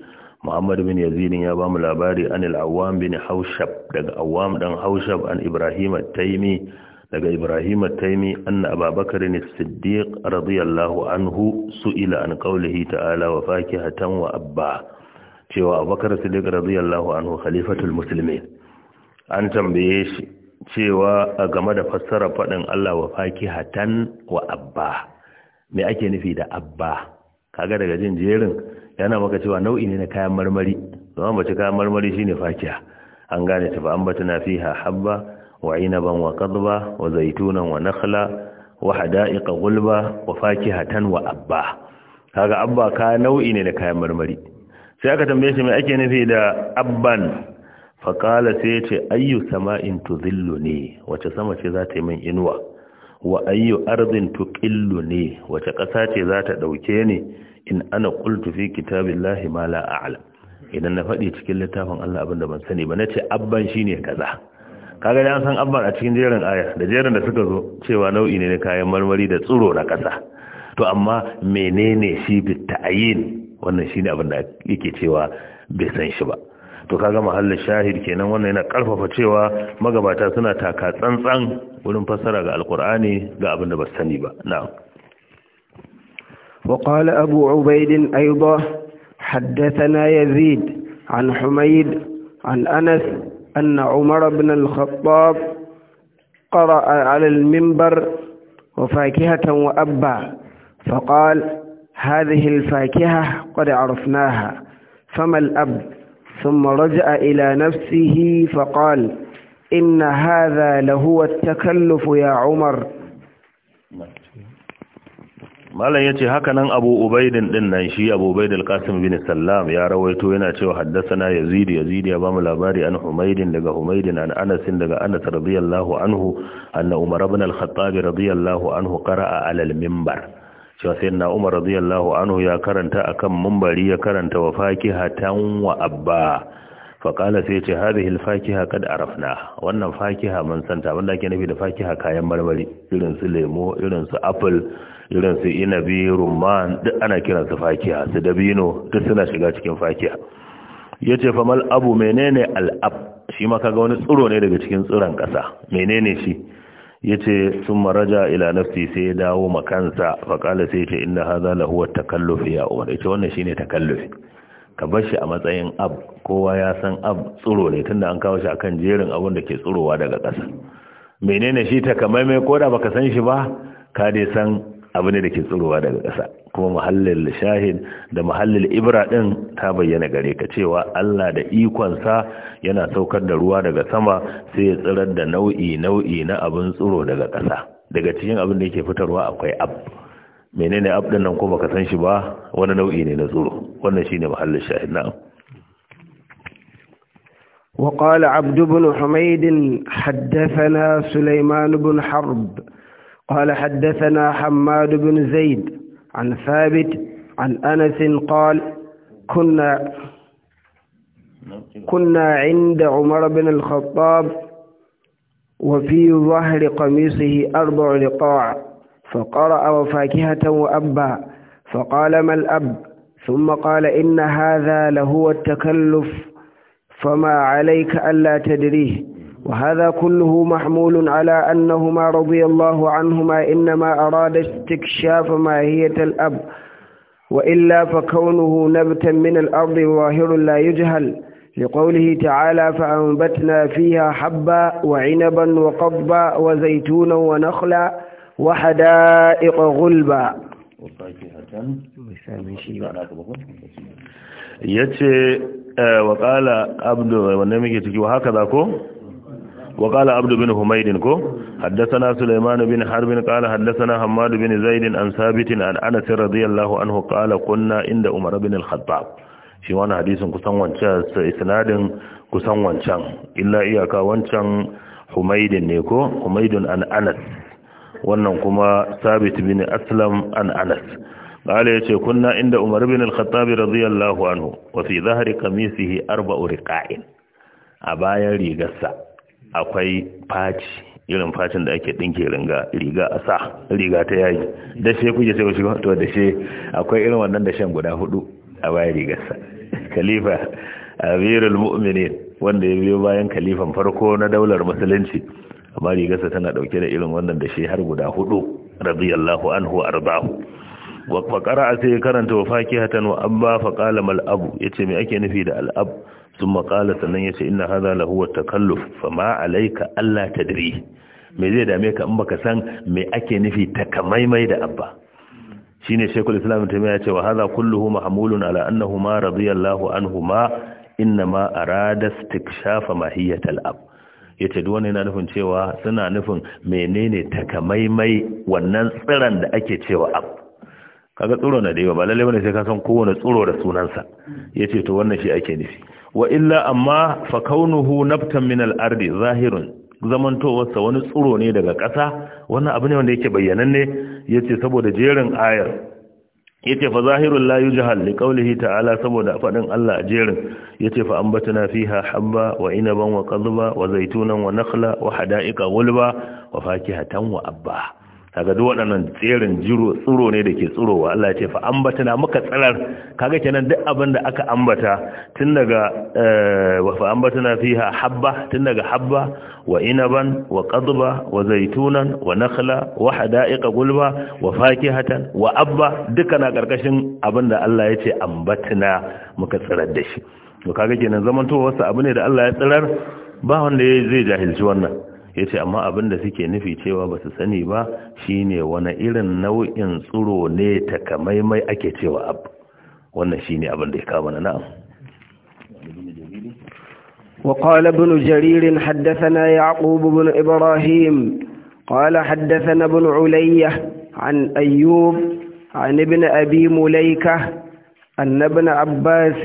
muhammadu bin yazidi ya bamu labari an al'awam bin haushab daga awam ɗan haushab an ibrahim taimi daga ibrahim taimi anna ababakar ne siddiq radiyallahu anhu su'ila an qaulihi ta'ala wa fakihatan wa abba cewa abubakar siddiq radiyallahu anhu khalifatul muslimin an tambaye shi cewa a game da fassarar faɗin Allah wa hatan wa abba me ake nufi da abba kaga daga jin jerin yana maka cewa nau'i ne na kayan marmari zama bace kayan marmari shine fakiya an gane ta fa ambatana fiha habba wa inaban wa qadba wa zaitunan wa nakhla wa hada'iqa gulba wa fakihatan wa abba kaga abba ka nau'i ne na kayan marmari sai aka tambaye shi me ake nufi da abban faƙala sai ya ce ayyu sama'in tuzillu ne wace sama ce za ta yi min inuwa wa ayyu ardin tuqillu ne wace ƙasa ce za ta ɗauke ni in ana ƙultu fi kitabillahi ma la a'lam idan na faɗi cikin littafin Allah abinda ban sani ba nace abban shine kaza ka gani an san abban a cikin jerin aya da jerin da suka zo cewa nau'i ne na kayan marmari da tsiro na ƙasa to amma menene shi bitta ayin? wannan shine abin da yake cewa bai san shi ba to kaga mahallin shahid kenan wannan yana karfafa cewa magabata suna taka tsantsan wurin fassara ga alqur'ani ga abin da ba sani ba na'am وقال أبو عبيد أيضا حدثنا يزيد عن حميد عن أنس أن عمر بن الخطاب قرأ على المنبر وفاكهة وأبا فقال هذه الفاكهة قد عرفناها فما الأب ثم رجع إلى نفسه فقال إن هذا لهو التكلف يا عمر malam yace haka nan Abu Ubaid din nan shi Abu Ubaid al-Qasim bin Sallam ya rawaito yana cewa haddathana Yazid Yazid ya bamu labari an humaydin daga humaydin an Anas daga Anas radiyallahu anhu anna Umar ibn al-Khattab radiyallahu anhu qara'a 'ala al-minbar cewa sayyidina Umar radiyallahu anhu ya karanta akan mumbari ya karanta wa fakiha tan wa abba faƙala sai ce hadhihi kada qad arafna wannan fakiha mun santa wanda ake nufi da fakiha kayan marmari irin su lemo irin su apple irin su inabi rumman duk ana kiran su fakiha su dabino duk suna shiga cikin fakiha yace famal abu menene Al Ab? shi ma kaga wani tsiro ne daga cikin tsuran ƙasa menene shi yace sun maraja ila nafsi sai ya dawo makansa faƙala sai ce inda haza la huwa takallufi ya umar ita wannan shine takallufi ka bar shi a matsayin ab kowa ya san ab Tsuro ne tunda an kawo shi akan jerin abun da ke tsirowa daga ƙasa menene shi ta kamaimai ko da baka san shi ba ka dai san abu ne da ke tsirowa daga ƙasa kuma Muhallin shahin da Muhallin ibra ɗin ta bayyana gare ka cewa Allah da ikonsa yana saukar da ruwa daga sama sai ya tsirar da nau'i nau'i na abin tsiro daga ƙasa daga cikin abin da yake fitarwa akwai ab menene ab ɗin nan ko baka san shi ba wani nau'i ne na tsiro wannan shine mahallin shahin na'am وقال عبد بن حميد حدثنا سليمان بن حرب قال حدثنا حماد بن زيد عن ثابت عن أنس قال كنا كنا عند عمر بن الخطاب وفي ظهر قميصه أربع لقاع فقرأ وفاكهة وأبا فقال ما الأب ثم قال إن هذا لهو التكلف فما عليك ألا تدريه وهذا كله محمول على أنهما رضي الله عنهما إنما أراد استكشاف ماهية الأب وإلا فكونه نبتا من الأرض ظاهر لا يجهل لقوله تعالى فأنبتنا فيها حبا وعنبا وقضبا وزيتونا ونخلا وحدائق غلبا يتي آه، وقال qala ونمي wannan وهكذا كو وقال عبد بن حميد كو حدثنا سليمان بن حرب قال حدثنا حماد بن زيد عن ثابت عن انس رضي الله عنه قال كنا عند عمر بن الخطاب shi wani hadisin kusan wancan isnadin kusan wancan illa iyaka wancan humaidin ne ko humaidun an anas wannan kuma sabit bin aslam an anas qala yace kunna inda umar bin al-khattab radiyallahu anhu wa fi dhahri qamisihi arba'u riqa'in a bayan rigarsa akwai faci irin facin da ake ɗinke riga a sa riga ta yayi dashe kuke sai wasu to dashe akwai irin wannan da shan guda hudu a bayan rigarsa (laughs) khalifa amirul mu'minin wanda ya biyo bayan khalifan farko na daular musulunci amma rigarsa tana dauke da irin wannan da shi har guda hudu radiyallahu anhu arbahu wa faqara sai karanta wa fakihatan wa abba faqala mal abu yace me ake nufi da al abu sun makala sannan ya ce ina haza lahuwa takalluf fama alaika Allah ta dire. me zai dame ka in baka san me ake nufi takamaimai da abba shine shekul islam ta ya ce wa haza kulluhu mahmulun ala annahu ma radiyallahu anhu ma inna ma arada istikshafa mahiyatal ab yace duk wannan yana nufin cewa suna nufin menene takamaimai wannan tsiran da ake cewa ab kaga tsoro na da yawa ba lalle bane sai ka san kowane tsoro da sunansa yace to wannan shi ake nufi wa illa amma fa kaunuhu nabtan min al-ardi zahirun zamantowarsa wani tsuro ne daga ƙasa wannan abu ne wanda yake bayyananne yace saboda jerin ayar yace fa zahirul la yujhal li qawlihi ta'ala saboda fadin Allah a jerin yace fa ambatna fiha habba wa inaban wa qadba wa zaytunan wa nakhla wa hada'iqa wulba wa fakihatan wa abba kaga duk waɗannan tserin jiro tsiro ne da ke wa Allah ya ce fa ambatana muka tsarar kaga kenan duk abin da aka ambata tun daga eh, wa fa ambatana fiha habba tun daga habba wa inaban wa qadba wa zaitunan wa nakhla wa hadaiqa gulba wa fakihatan wa abba duka na karkashin abin da Allah ya ce ambatana muka tsirar da shi to kaga kenan zamantowa wasu abu ne da Allah ya tsirar ba wanda zai jahilci wannan ya ce amma abin da suke nufi cewa ba su sani ba shine wani irin nau'in tsuro ne ta takamaimai ake cewa abu wannan shine abin da ya kama na na'am وقال ابن جرير حدثنا يعقوب بن إبراهيم قال حدثنا ابن علية عن أيوب عن ابن أبي مليكة أن ابن عباس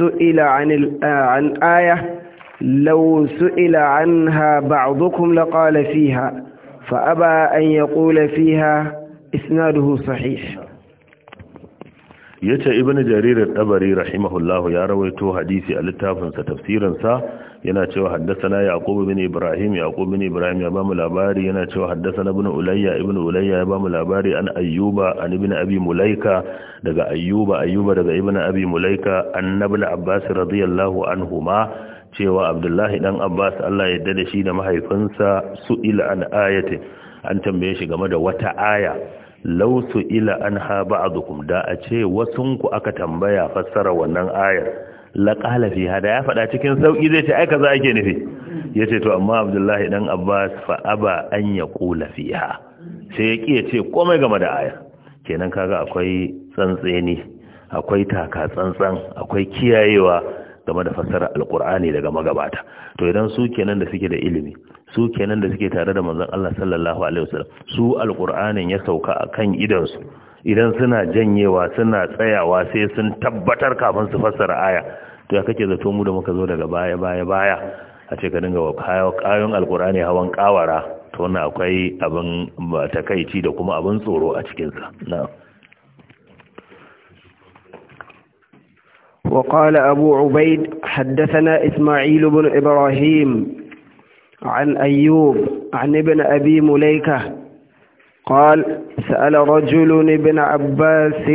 سئل عن, عن آية لو سئل عنها بعضكم لقال فيها فأبى أن يقول فيها إسناده صحيح يتا ابن جرير الطبري رحمه الله يروي تو حديثي التاف تفسيرا سا ينا تشو حدثنا يعقوب بن ابراهيم يعقوب بن ابراهيم يا الاباري ينا تشو حدثنا ابن اليا ابن اليا يا الاباري ان ايوب ان ابن ابي مليكه دغ ايوب ايوب دغ ابن ابي مليكه ان ابن عباس رضي الله عنهما cewa abdullahi dan abbas allah ya da shi da mahaifinsa su ila an ayatin an tambaye shi game da wata aya law su ila an ha ba'dukum da a ce wasun ku aka tambaya fassara wannan ayar qala fi hada ya faɗa cikin sauki zai ce ai kaza ake nufi ya ce to amma abdullahi dan abbas fa aba an ya fiha sai ya kiye ce komai game da aya kenan kaga akwai tsantseni akwai taka tsantsan akwai kiyayewa game da fassara alkur'ani daga magabata to idan su kenan da suke da ilimi su kenan da suke tare da manzon Allah sallallahu alaihi wasallam su alkur'anin ya sauka akan idan su idan suna janyewa suna tsayawa sai sun tabbatar kafin su fassara aya to ya kake zato mu da muka zo daga baya baya baya a ce ka dinga wa alkur'ani hawan kawara to wannan akwai abin takaici da kuma abin tsoro a cikinsa na'am وقال أبو عبيد حدثنا إسماعيل بن إبراهيم عن أيوب عن ابن أبي مليكة قال سأل رجل ابن عباس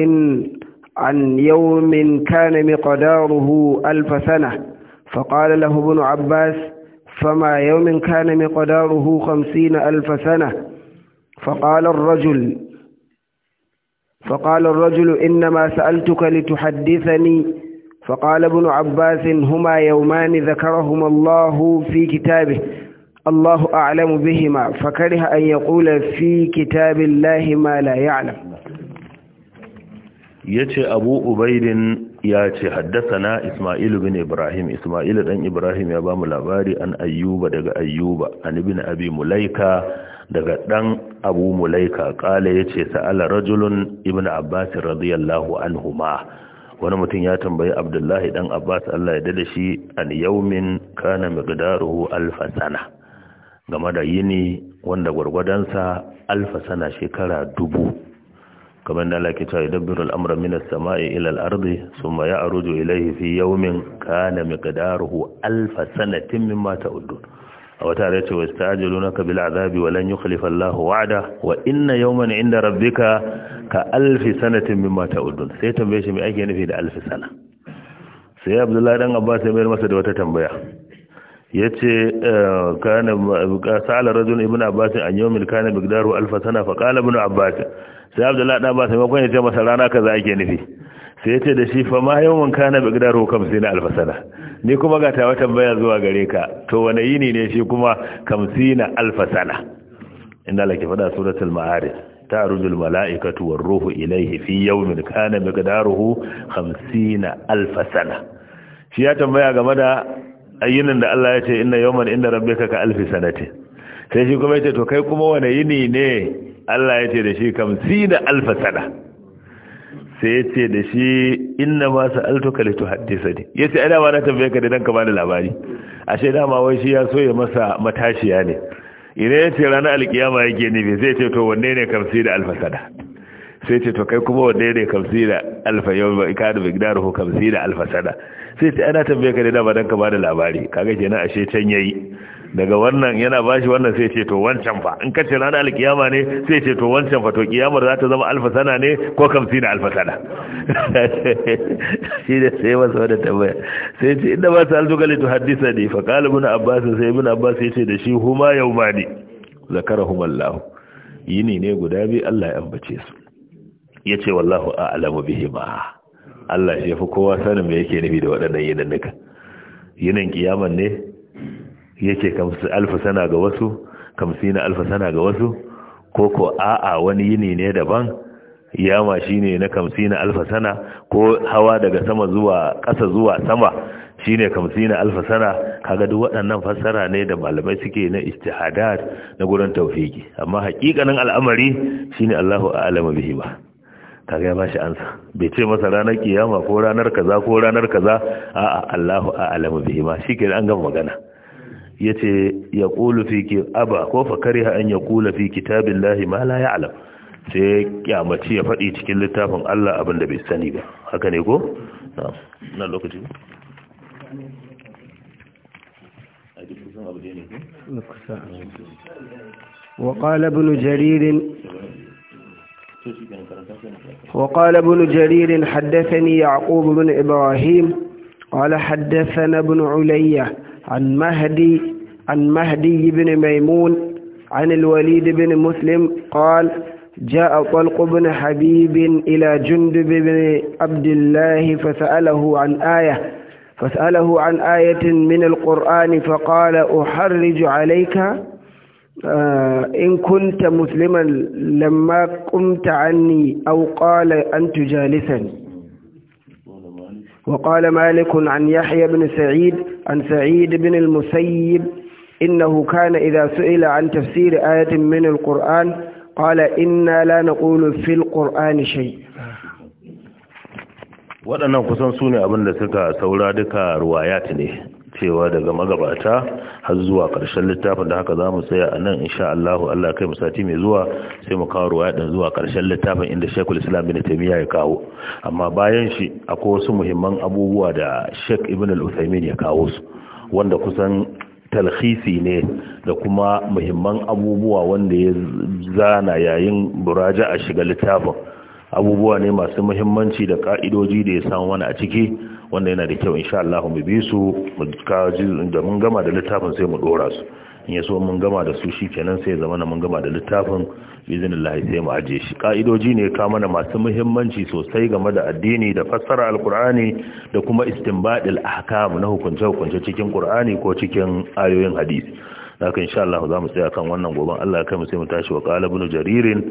عن يوم كان مقداره ألف سنة فقال له ابن عباس فما يوم كان مقداره خمسين ألف سنة فقال الرجل فقال الرجل إنما سألتك لتحدثني فقال ابن عباس هما يومان ذكرهما الله في كتابه الله أعلم بهما فكره أن يقول في كتاب الله ما لا يعلم يتي أبو أبيد ya ce haddasa na Isma'il bin Ibrahim Isma'il dan Ibrahim ya bamu labari an Ayyuba daga Ayyuba an ibn Abi Mulaika daga dan Abu Mulaika kale yace sa'ala rajulun ibnu Abbas radiyallahu anhuma wani mutum ya tambayi abdullahi dan abbas allah ya dada shi an yaumin kana miqdaruhu alfa sana game da yini wanda gwargwadonsa alfa sana shekara dubu kamar da Allah ke cewa yadabbiru al'amra min as-sama'i ila al-ardi thumma ya'ruju ilayhi fi yawmin kana miqdaruhu alfa sanatin mimma ta'udun a wata da ce wa istajilu na kabila azabi walan yi khalifallahu wa'ada wa inna yawman inda rabbika ka alfi sanatin mimma ta'udun sai tambaye shi me ake nufi da alfi sana sai abdullahi dan abbas ya mayar masa da wata tambaya yace eh, kana sa'ala rajul ibnu abbas an yawmil kana miqdaru alf sana fa qala ibnu abbas sai abdullahi dan abbas ya ce masa rana kaza ake nufi sai ya ce da shi fa ma mun kana hukam sai na alfasana ni kuma ga tawa tambaya zuwa gare ka to wane yini ne shi kuma kamsi na alfasana inda lake faɗa suratul ma'arij تعرج الملائكة ruhu إليه في يوم كان مقداره خمسين ألف alfasana. شيئا ya tambaya ayyinin da Allah ya ce inna yawman inda rabbika ka alfi sanati sai shi kuma ya ce to kai kuma wane yini ne Allah ya ce da shi kamsi da alfasana sai ya ce da shi inna ma sa'altuka li tuhaddisani yace ai dama na tambaye ka da dan ka bani labari ashe dama wai shi ya so ya masa matashiya ne idan yace ranar alkiyama yake ne bai zai ce to wanne ne kamsi da alfasada sai ce to kai kuma wanne ne kamsi da alfa yau ba ka da bigdaru kamsi da alfasada sai ce ana tambaye ka da dan ka bani labari kaga kenan ashe can yayi daga wannan yana bashi wannan sai ce to wancan fa in kace ranar alkiyama ne sai ce to wancan fa to kiyamar za ta zama alfa sana ne ko kamsina alfa sana (laughs) shi da sai masa da tabbaya sai ce inda ba ta aljugali to haddisa ne fa qala ibn abbas sai ibn abbas ya ce da shi huma yaumani zakarahum allah yini ne guda bi Allah ya ambace su yace wallahu a'lamu bihima Allah shi fi kowa sanin me yake nufi da waɗannan yinannuka yinin kiyaman ne yake alfa sana ga wasu na alfa sana ga wasu ko ko a'a wani yini ne daban yama shine na na alfa sana ko hawa daga sama zuwa ƙasa zuwa sama shine na alfa sana kaga duk waɗannan fassara ne da malamai suke na istihadar na gurin taufiki, amma haƙiƙanin al'amari shine Allahu a'alama bihi ba kaga ya bashi ansa bai ce masa ranar kiyama ko ranar kaza ko ranar kaza a'a Allahu a'alama bihi ma ke an gama magana yace yaqulu fi ki aba ko fa kariha an yaqula fi kitabillahi ma la ya'lam sai kyamaci ya faɗi cikin littafin Allah abin da bai sani ba haka ne ko na lokaci وقال ابن جرير وقال ابن جرير حدثني يعقوب بن إبراهيم قال حدثنا ابن علية عن مهدي عن مهدي بن ميمون عن الوليد بن مسلم قال جاء طلق بن حبيب إلى جندب بن عبد الله فسأله عن آية فسأله عن آية من القرآن فقال أحرج عليك آه، إن كنت مسلما لما قمت عني أو قال أن تجالسني وقال مالك عن يحيى بن سعيد عن سعيد بن المسيب إنه كان إذا سئل عن تفسير آية من القرآن قال إنا لا نقول في القرآن شيء waɗannan kusan su ne abinda suka saura duka ruwayat ne cewa daga magabata har zuwa karshen littafin da haka za mu tsaya a nan insha Allah Allah kai musati mai zuwa sai mu kawo ruwa ɗin zuwa ƙarshen littafin inda Sheikhul Islam bin Taymiyyah ya kawo amma bayan shi akwai wasu muhimman abubuwa da Sheikh Ibn Al-Uthaymeen ya kawo su wanda kusan talhisi ne da kuma muhimman abubuwa wanda ya zana yayin buraja a shiga littafin abubuwa ne masu muhimmanci da ka'idoji da ya samu wani a ciki wanda yana da kyau insha Allah mu bi su mu kaji da mun gama da littafin sai mu dora su in yaso mun gama da su shikenan sai zama na mun gama da littafin biznillahi sai mu aje shi kaidoji ne ka mana masu muhimmanci sosai game da addini da fassara alqur'ani da kuma istinbadil ahkam na hukunce hukunce cikin qur'ani ko cikin ayoyin hadisi haka insha Allah za mu tsaya kan wannan goban Allah kai mu sai mu tashi wa qala ibn jaririn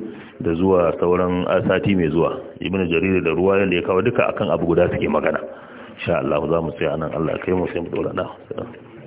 da zuwa sauran sati mai zuwa ibn jarir da ruwa da ya kawo duka akan abu guda suke magana insha Allah za mu tsaya nan Allah kai mu sai mu dora da